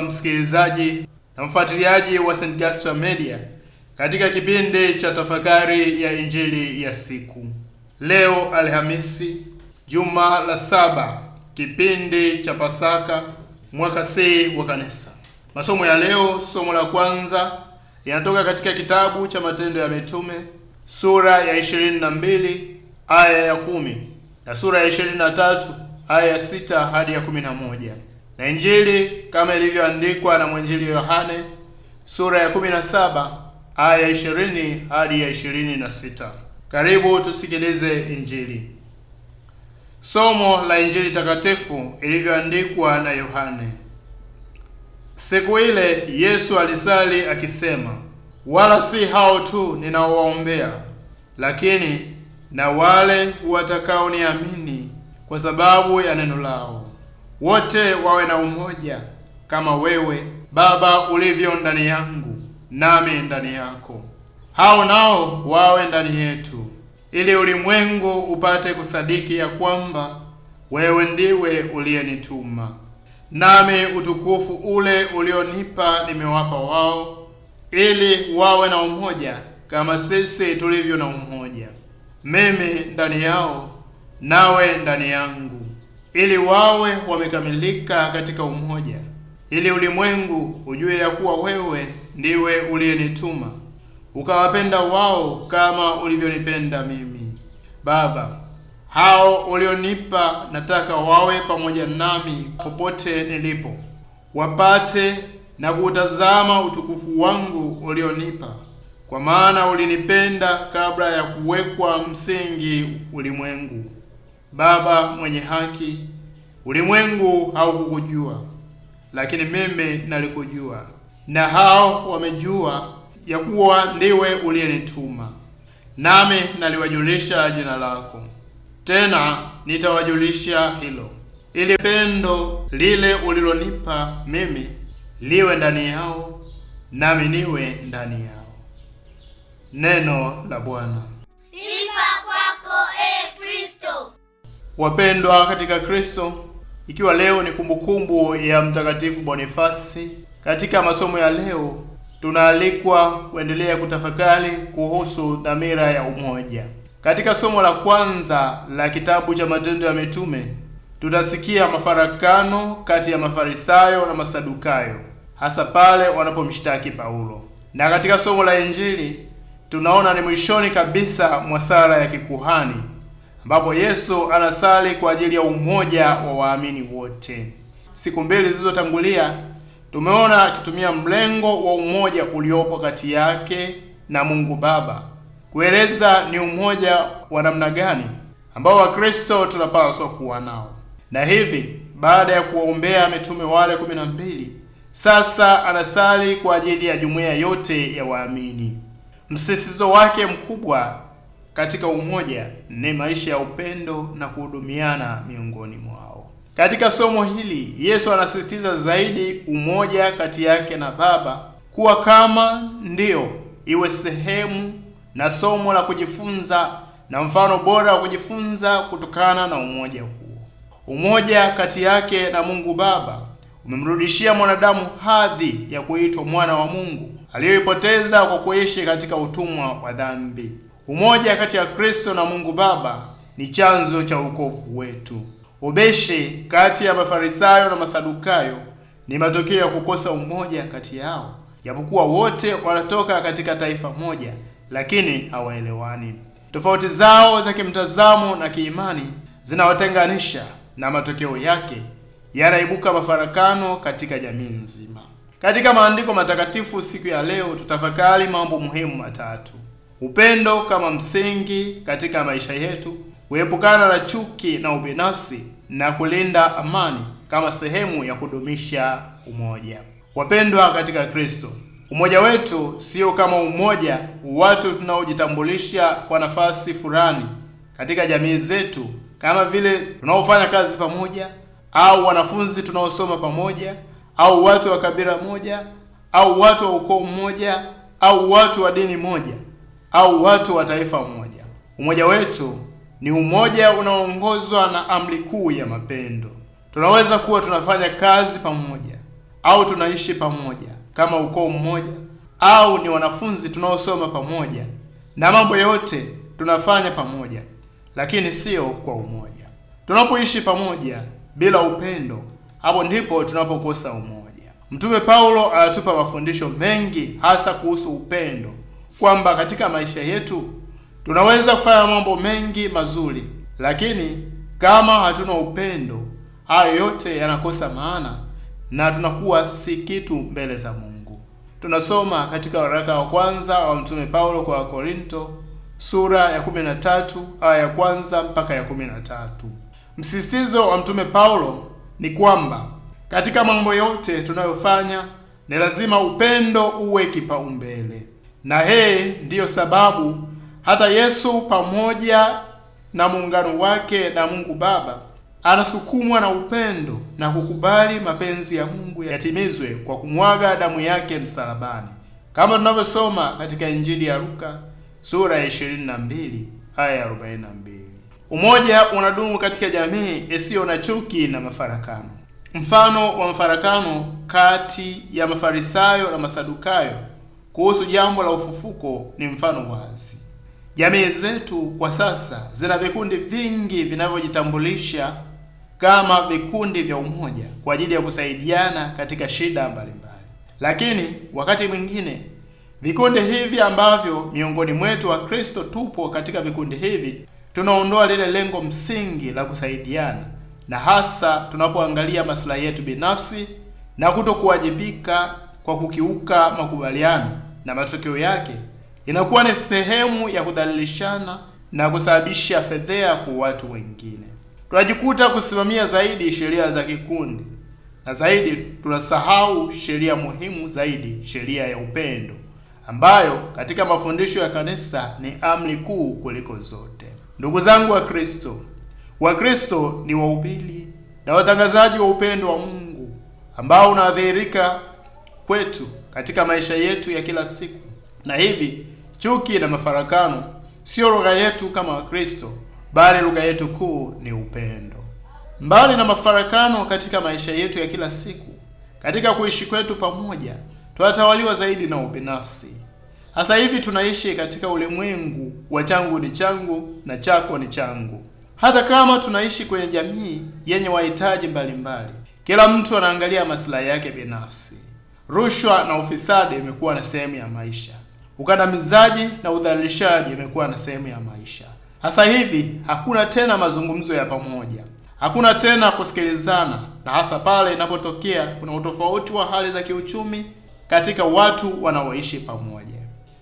msikilizaji na mfuatiliaji wa St. Gaspar Media katika kipindi cha tafakari ya injili ya siku leo Alhamisi, juma la saba, kipindi cha Pasaka, mwaka C wa Kanisa. Masomo ya leo, somo la kwanza yanatoka katika kitabu cha Matendo ya Mitume sura ya 22 aya ya 10 na sura ya 23 aya ya 6 hadi ya 11. Na Injili kama ilivyoandikwa na mwinjili Yohane sura ya 17 aya ya 20 hadi ya 26. Karibu tusikilize Injili. Somo la Injili takatifu ilivyoandikwa na Yohane. Siku ile Yesu alisali akisema, wala si hao tu ninaowaombea, lakini na wale watakaoniamini kwa sababu ya neno lao wote wawe na umoja kama wewe Baba ulivyo ndani yangu nami ndani yako, hao nao wawe ndani yetu, ili ulimwengu upate kusadiki ya kwamba wewe ndiwe uliyenituma, nami utukufu ule ulionipa nimewapa wao, ili wawe na umoja kama sisi tulivyo na umoja, mimi ndani yao nawe ndani yangu ili wawe wamekamilika katika umoja, ili ulimwengu ujue ya kuwa wewe ndiwe uliyenituma ukawapenda wao kama ulivyonipenda mimi. Baba, hao ulionipa nataka wawe pamoja nami popote nilipo, wapate na kuutazama utukufu wangu ulionipa, kwa maana ulinipenda kabla ya kuwekwa msingi ulimwengu. Baba mwenye haki, ulimwengu haukukujua, lakini mimi nalikujua, na hao wamejua ya kuwa ndiwe uliyenituma. Nami naliwajulisha jina lako, tena nitawajulisha hilo, ili pendo lile ulilonipa mimi liwe ndani yao, nami niwe ndani yao. Neno la Bwana. Wapendwa katika Kristo, ikiwa leo ni kumbukumbu ya Mtakatifu Bonifasi, katika masomo ya leo tunaalikwa kuendelea kutafakari kuhusu dhamira ya umoja. Katika somo la kwanza la kitabu cha Matendo ya Mitume tutasikia mafarakano kati ya Mafarisayo na Masadukayo, hasa pale wanapomshtaki Paulo, na katika somo la Injili tunaona ni mwishoni kabisa mwa sala ya kikuhani ambapo Yesu anasali kwa ajili ya umoja wa waamini wote. Siku mbili zilizotangulia tumeona akitumia mlengo wa umoja uliopo kati yake na Mungu Baba kueleza ni umoja wa namna gani ambao Wakristo tunapaswa kuwa nao, na hivi baada ya kuwaombea mitume wale kumi na mbili, sasa anasali kwa ajili ya jumuiya yote ya waamini. Msisitizo wake mkubwa katika umoja ni maisha ya upendo na kuhudumiana miongoni mwao. Katika somo hili, Yesu anasisitiza zaidi umoja kati yake na Baba kuwa kama ndiyo iwe sehemu na somo la kujifunza na mfano bora wa kujifunza kutokana na umoja huo. Umoja kati yake na Mungu Baba umemrudishia mwanadamu hadhi ya kuitwa mwana wa Mungu aliyoipoteza kwa kuishi katika utumwa wa dhambi. Umoja kati ya Kristo na Mungu Baba ni chanzo cha wokovu wetu. Ubeshi kati ya Mafarisayo na Masadukayo ni matokeo ya kukosa umoja kati yao, japokuwa wote wanatoka katika taifa moja, lakini hawaelewani. Tofauti zao za kimtazamo na kiimani zinawatenganisha na matokeo yake yanaibuka mafarakano katika jamii nzima. Katika maandiko matakatifu siku ya leo, tutafakari mambo muhimu matatu upendo kama msingi katika maisha yetu, kuepukana na chuki na ubinafsi na kulinda amani kama sehemu ya kudumisha umoja. Wapendwa katika Kristo, umoja wetu sio kama umoja watu tunaojitambulisha kwa nafasi fulani katika jamii zetu, kama vile tunaofanya kazi pamoja au wanafunzi tunaosoma pamoja au watu wa kabila moja au watu wa ukoo mmoja au watu wa dini moja au watu wa taifa moja. Umoja wetu ni umoja unaoongozwa na amri kuu ya mapendo. Tunaweza kuwa tunafanya kazi pamoja au tunaishi pamoja kama ukoo mmoja, au ni wanafunzi tunaosoma pamoja, na mambo yote tunafanya pamoja, lakini sio kwa umoja. Tunapoishi pamoja bila upendo, hapo ndipo tunapokosa umoja. Mtume Paulo anatupa mafundisho mengi, hasa kuhusu upendo kwamba katika maisha yetu tunaweza kufanya mambo mengi mazuri, lakini kama hatuna upendo, hayo yote yanakosa maana na tunakuwa si kitu mbele za Mungu. Tunasoma katika waraka wa kwanza wa Mtume Paulo kwa Korinto sura ya 13 aya ya kwanza mpaka ya 13. Msisitizo wa Mtume Paulo ni kwamba katika mambo yote tunayofanya ni lazima upendo uwe kipaumbele. Na hii ndiyo sababu hata Yesu pamoja na muungano wake na Mungu Baba anasukumwa na upendo na kukubali mapenzi ya Mungu yatimizwe kwa kumwaga damu yake msalabani, kama tunavyosoma katika Injili ya Luka sura ya 22 aya ya 42. Umoja unadumu katika jamii isiyo na chuki na mafarakano. Mfano wa mafarakano kati ya Mafarisayo na Masadukayo kuhusu jambo la ufufuko ni mfano wazi. Jamii zetu kwa sasa zina vikundi vingi vinavyojitambulisha kama vikundi vya umoja kwa ajili ya kusaidiana katika shida mbalimbali, lakini wakati mwingine vikundi hivi ambavyo miongoni mwetu wa Kristo tupo katika vikundi hivi, tunaondoa lile lengo msingi la kusaidiana, na hasa tunapoangalia maslahi yetu binafsi na kutokuwajibika kwa kukiuka makubaliano, na matokeo yake inakuwa ni sehemu ya kudhalilishana na kusababisha fedheha kwa watu wengine. Tunajikuta kusimamia zaidi sheria za kikundi na zaidi tunasahau sheria muhimu zaidi, sheria ya upendo ambayo katika mafundisho ya kanisa ni amri kuu kuliko zote. Ndugu zangu wa Kristo, Wakristo ni wahubiri na watangazaji wa upendo wa Mungu ambao unadhihirika kwetu katika maisha yetu ya kila siku, na hivi chuki na mafarakano sio lugha yetu kama Wakristo, bali lugha yetu kuu ni upendo. Mbali na mafarakano katika maisha yetu ya kila siku, katika kuishi kwetu pamoja tunatawaliwa zaidi na ubinafsi. Hasa hivi tunaishi katika ulimwengu wa changu ni changu na chako ni changu. Hata kama tunaishi kwenye jamii yenye wahitaji mbalimbali, kila mtu anaangalia maslahi yake binafsi. Rushwa na ufisadi imekuwa na sehemu ya maisha. Ukandamizaji na udhalilishaji imekuwa na sehemu ya maisha. hasa hivi hakuna tena mazungumzo ya pamoja, hakuna tena kusikilizana, na hasa pale inapotokea kuna utofauti wa hali za kiuchumi katika watu wanaoishi pamoja.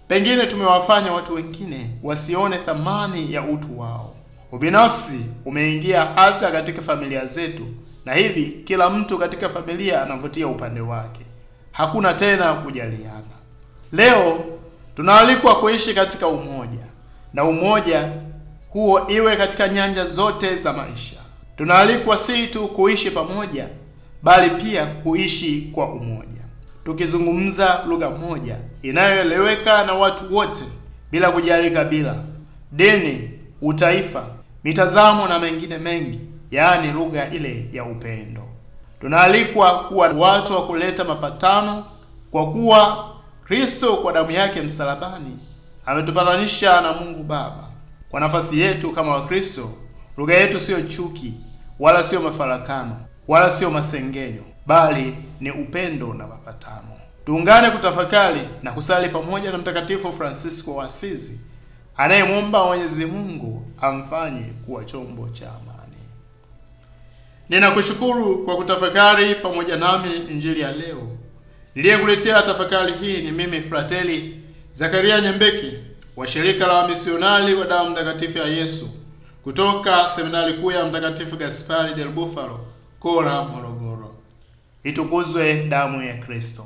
Pengine tumewafanya watu wengine wasione thamani ya utu wao. Ubinafsi umeingia hata katika familia zetu, na hivi kila mtu katika familia anavutia upande wake hakuna tena kujaliana. Leo tunaalikwa kuishi katika umoja, na umoja huo iwe katika nyanja zote za maisha. Tunaalikwa si tu kuishi pamoja, bali pia kuishi kwa umoja, tukizungumza lugha moja inayoeleweka na watu wote bila kujali kabila, dini, utaifa, mitazamo na mengine mengi, yaani lugha ile ya upendo. Tunaalikwa kuwa watu wa kuleta mapatano, kwa kuwa Kristo kwa damu yake msalabani ametupatanisha na Mungu Baba. Kwa nafasi yetu kama Wakristo, lugha yetu siyo chuki wala siyo mafarakano wala siyo masengenyo, bali ni upendo na mapatano. Tuungane kutafakari na kusali pamoja na Mtakatifu Francisco wa Asizi anayemwomba Mwenyezi Mungu amfanye kuwa chombo cha Ninakushukuru kwa kutafakari pamoja nami injili ya leo. Niliyekuletea tafakari hii ni mimi Frateli Zakaria Nyembeki wa shirika la wamisionari wa damu mtakatifu ya Yesu kutoka seminari kuu ya Mtakatifu Gaspari del Bufalo, Kora, Morogoro. Itukuzwe damu ya Kristo!